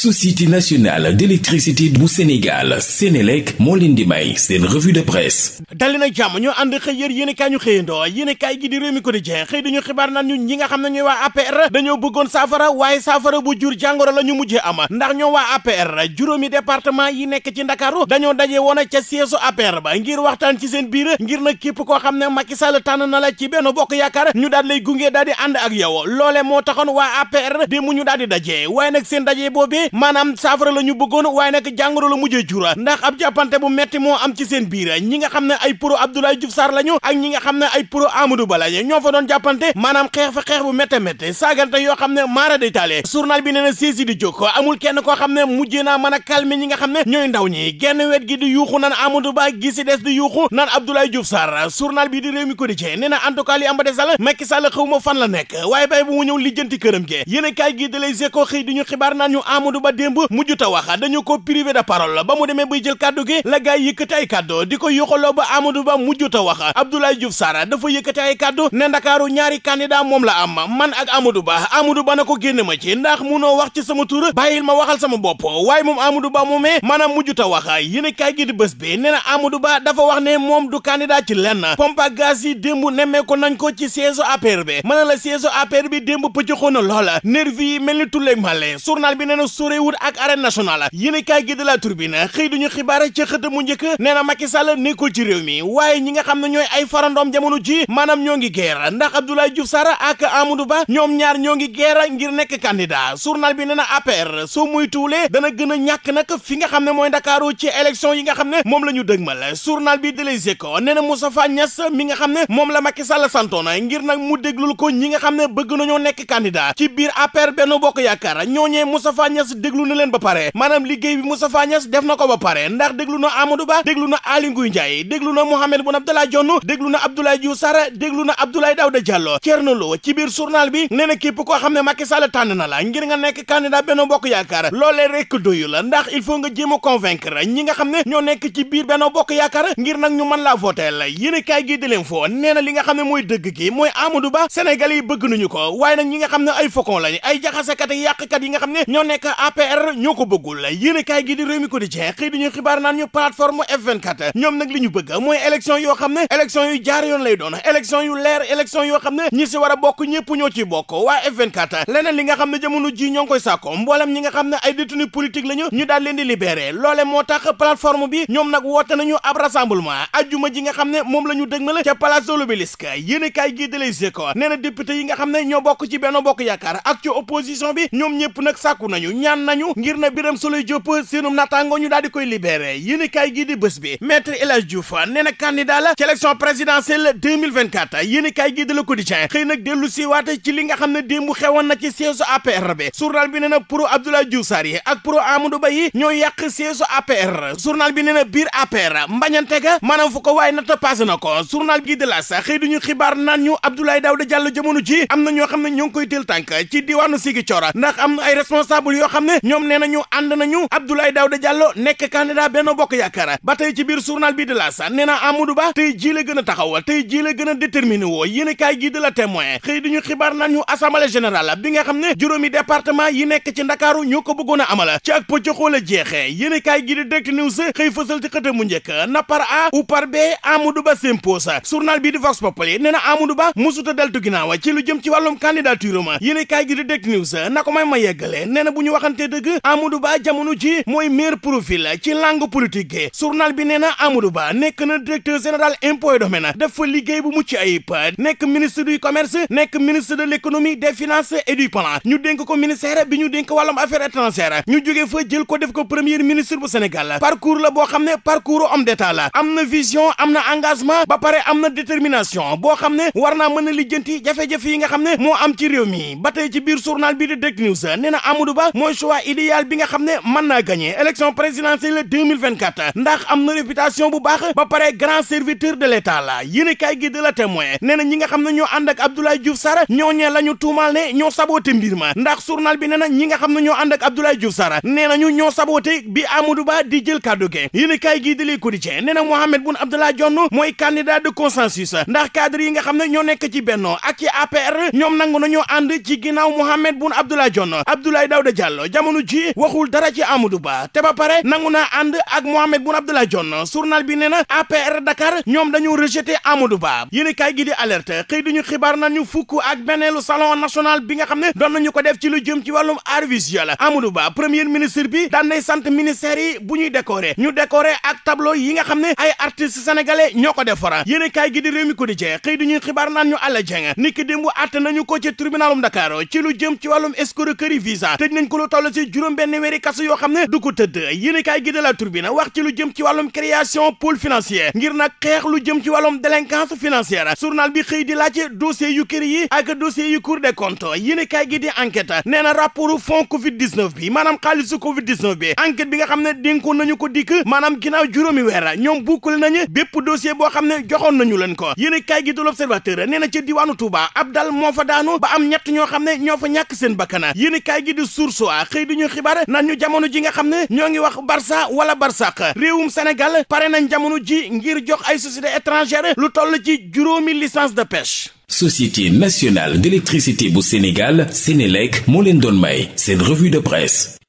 société nationale d'électricité bu Sénégal Sénélec moo leen di may seen revue de presse dali nag jàmm ñoo ànd xëy yér yéen i kaay ñu xëyandoo yéen i kaay gi di réew mi ko di jeex xëy dañu xibaar naan ñu ñi nga xam ne ñooy waa APR dañoo bëggoon saafara waaye saafara bu jur jàngoro la ñu mujjee am ndax ñoo waa APR juróomi département yi nekk ci Ndakaaru dañoo daje woon ca siège APR ba ngir waxtaan ci seen biir ngir nag képp koo xam ne Macky Sall tànn na la ci benn bokk yaakaar ñu daal lay gunge daal di ànd ak yow loole moo taxoon waa mu ñu daal di dajee waaye nag seen maanaam saafara la ñu bëggoon waaye nag jàngoro la mujjee jura ndax ab jàppante bu metti moo am ci seen biir ñi nga xam ne ay pro Abdoulaye Diouf Sarr lañu ak ñi nga xam ne ay pro Amadou Ba lañu ñoo fa doon jàppante maanaam xeex fa xeex bu métte métte saagante yoo xam ne maara day taale journal bi nee na saisi di jóg amul kenn koo xam ne mujjee naa mën a ñi nga xam ne ñooy ndaw ñi genn wet gi di yuuxu naan Amadou Ba gi si des di yuuxu naan Abdoulaye bi di réew mi quotidien ma fan la nekk waaye bay bu mu ñëw këram gi yéen ñu xibaar naan ñu Amadou Ba démb mujjuta wax dañu ko da de parole ba mu demee bay jël kàddu la gaay yëkkati ay di ko yoxaloo ba Amadou Ba mujjuta wax Abdoulaye Diouf Sarr dafa yëkkati ay kàddu ne Ndakaaru ñaari candidat moom la am man ak Amadou Ba Amadou na ko génn ma ci ndax munoo wax ci sama tur ma waxal sama bopp waaye moom Amadou Ba moomee mujjuta wax yéen kaay gi di bés na Amadou dafa wax ne moom du candidat ci lenn na la siège APR bi démb sorewut ak arène nationale yéene kaay gi de la turbine xëy duñu xibaar ci xët mu njëkk nee na Macky mi waaye ñi nga xam ne ñooy ay farandoom jamono ji maanaam ñoo ngi guerre ndax Abdoulaye Diouf Sarr ak Amadou Ba ñoom ñaar ñoo ngi guerre ngir nekk candidat journal bi nee na APR soo muy tuulee dana gën a ñàkk nag fi nga xam ne mooy Ndakaaru ci élection yi nga xam ne moom la ñu dëgmal journal bi de Les Échos na Moustapha Niass mi nga xam ne moom la Macky Sall santoona ngir nag mu déglul ko ñi nga xam ne bëgg nañoo nekk candidat ci biir APR Benno Bokk Yaakaar déglu na leen ba pare maanaam liggéey bi Moustapha Niass def na ko ba pare ndax déglu na Amadou Ba déglu na Aly Ngouille Ndiaye déglu na Mohamed Boun Abdallah Dionne déglu na Abdoulaye Diouf Sarr déglu na Abdoulaye Daouda Diallo na Lo ci biir journal bi nee na képp koo xam ne Macky Sall tànn na la ngir nga nekk candidat Benno Bokk Yaakaar loolee rek doyu la ndax il faut nga jéem a convaincre ñi nga xam ne ñoo nekk ci biir Benno Bokk Yaakaar ngir nag ñu mën laa la yéen kaay gi di leen foo nee na li nga xam ne mooy dëgg gi mooy Amadou Ba Sénégalais yi bëgg nañu ko waaye nag ñi nga xam ne ay fokon lañ ay jaxasekat yàqkat yi nga xam ne ñoo nekk APR ñoo ko bëggul yéene kaay gi di réew mi ko di jeex xëy dañu xibaar naan ñu plateforme F24 ñoom nag li ñu bëgg mooy élection yoo xam ne élection yu jaar yoon lay doon élection yu leer élection yoo xam ne ñi si war a bokk ñëpp ñoo ciy bokk waa F24 leneen li nga xam ne jamono ji ñoo ngi koy sàkko mboolem ñi nga xam ne ay détenu politique lañu ñu daal leen di libéré loole moo tax plateforme bi ñoom nag woote nañu ab rassemblement ajjuma ji nga xam ne moom la ñu dëgmal ca place de l'Obélisque yéene kaay gi de Les Échos nee yi nga xam ne ñoo bokk ci Benno Bokk Yaakaar ak ci opposition bi ñoom ñëpp nag sàkku nañu ñaan nañu ngir na Birame Souleye Diop seenum naataango ñu daal di koy libéré yéen kaay gii di bés bi maître El Hadj Diouf nee na candidat la ci élection di Le xëy nag dellu si waate ci li nga xam ne démb xewoon na ci siège APR bi journal bi nee na pro Abdoulaye Diouf Sarr yi ak pro Amadou Ba yi ñoo yàq siège APR journal bi nee na biir APR mbañante ga maanaam fu ko waaye natt passé na ko journal gii de la sax xëy duñu xibaar naan ñu Abdoulaye ji am na ñoo xam ne ñoo ngi koy teel tànk ci diwaanu Ziguinchor xam ne ñoom nee nañu ànd nañu Abdoulaye Daouda Diallo nekk candidat Benno Bokk Yaakaar ba tey ci biir journal bi de la sa na Amadou Ba tey jii la gën tey jii la gën a déterminé woo la témoin xëy di ñu xibaar naan ñu assemblée générale bi nga xam ne juróomi département yi nekk ci Ndakaaru ñoo ko bëggoon a amal ci ak pëccaxoo la jeexee yéen kaay gii di Direct News xëy fësal ci xëta mu njëkk na par A ou par B Amadou Ba s'impose journal bii di Vox Populi nee na waxante dëgg Amadou Ba jamono ji mooy meilleur profil ci langue politique gi journal bi nee na Amadou Ba nekk na directeur général impôt domaine dafa liggéey bu mucc ayib nekk ministre du commerce nekk ministre de l' économie des finances et du plan ñu dénk ko ministère bi ñu dénk wàllum affaires étrangères ñu jógee fa jël ko def ko premier ministre bu Sénégal parcours la boo xam ne parcours homme d'état la am na vision am na engagement ba pare am na détermination boo xam ne war naa a lijjanti jafe yi nga xam ne moo am ci réew mi ba tey ci biir journal choix idéal bi nga xam ne mën naa gagné élection présidentielle 2024 ndax am na réputation bu baax ba pare grand serviteur de l'état la yéen kay gi de la témoin nee na ñi nga xam ne ñoo ànd ak Abdoulaye Diouf Sarr ñee la ñu tuumal ne ñoo saboté mbir ma ndax surnal bi nee na ñi nga xam ne ñoo ànd ak Abdoulaye Diouf Sarr nee na ñu ñoo saboté bi Amadou Ba di jël kàddu gi yéen kay gi de Le Quotidien nee na Mohamed Boun Abdallah Dionne mooy candidat de consensus ndax cadre yi nga xam ne ñoo nekk ci Benno ak ci ñoom nangu nañoo ànd ci ginnaaw Mohamed Boun Abdallah Dionne Abdoulaye Daouda Diallo jamono ji waxul dara ci Amadou Ba te ba pare nangu na ànd ak Mohamed Boun Abdallah Dionne journal bi nee na APR Dakar ñoom dañu rejeté Amadou Ba yéen kaay gi di alerte xëy ñu xibaar nañu fukk ak benneelu salon national bi nga xam ne doon ñu ko def ci lu jëm ci wàllum art visuel Amadou Ba premier ministre bi daan nay sant ministère yi bu ñuy décorer ñu décorer ak tableau yi nga xam ne ay artistes sénégalais ñoo ko defara yéen kaay gi di réew mi ko di jee xëy duñuy ñu ko ci tribunalum Dakar ci lu jëm ci wàllum escroquerie visa toll ci juróom benn weeri kaso yoo xam ne du ko tëdd yéenekaay gi de La Tribune wax ci lu jëm ci wàllum création pôle financier ngir nag xeex lu jëm ci wàllum délinquance financière journal bi xëy di laajte yu kër yi ak dossier yu Cour des comptes yéenekaay gi di enquête nee na rapportu fonds covid 19 bi maanaam xaalisu covid 19 bi enquête bi nga xam ne dénkoon nañu ko dikk maanaam ginnaaw juróomi weer ñoom bukkale nañu bépp dossier boo xam ne joxoon nañu leen ko yéenekaay gi de L'Observateur nee na ci diwaanu Touba ab dal moo fa daanu am ne ñoo fa ñàkk seen bakkana yéenekaay gi di Source A xëy du ñu xibaar nan ñu jamono ji nga xam ne ñoo ngi wax Barça wala Barsaq réewum Sénégal pare nañ jamono ji ngir jox ay société étrangère lu toll ji juróomi licence de pêche société nationale d'électricité bu Sénégal Sénélec moo leen doon may seen revue de presse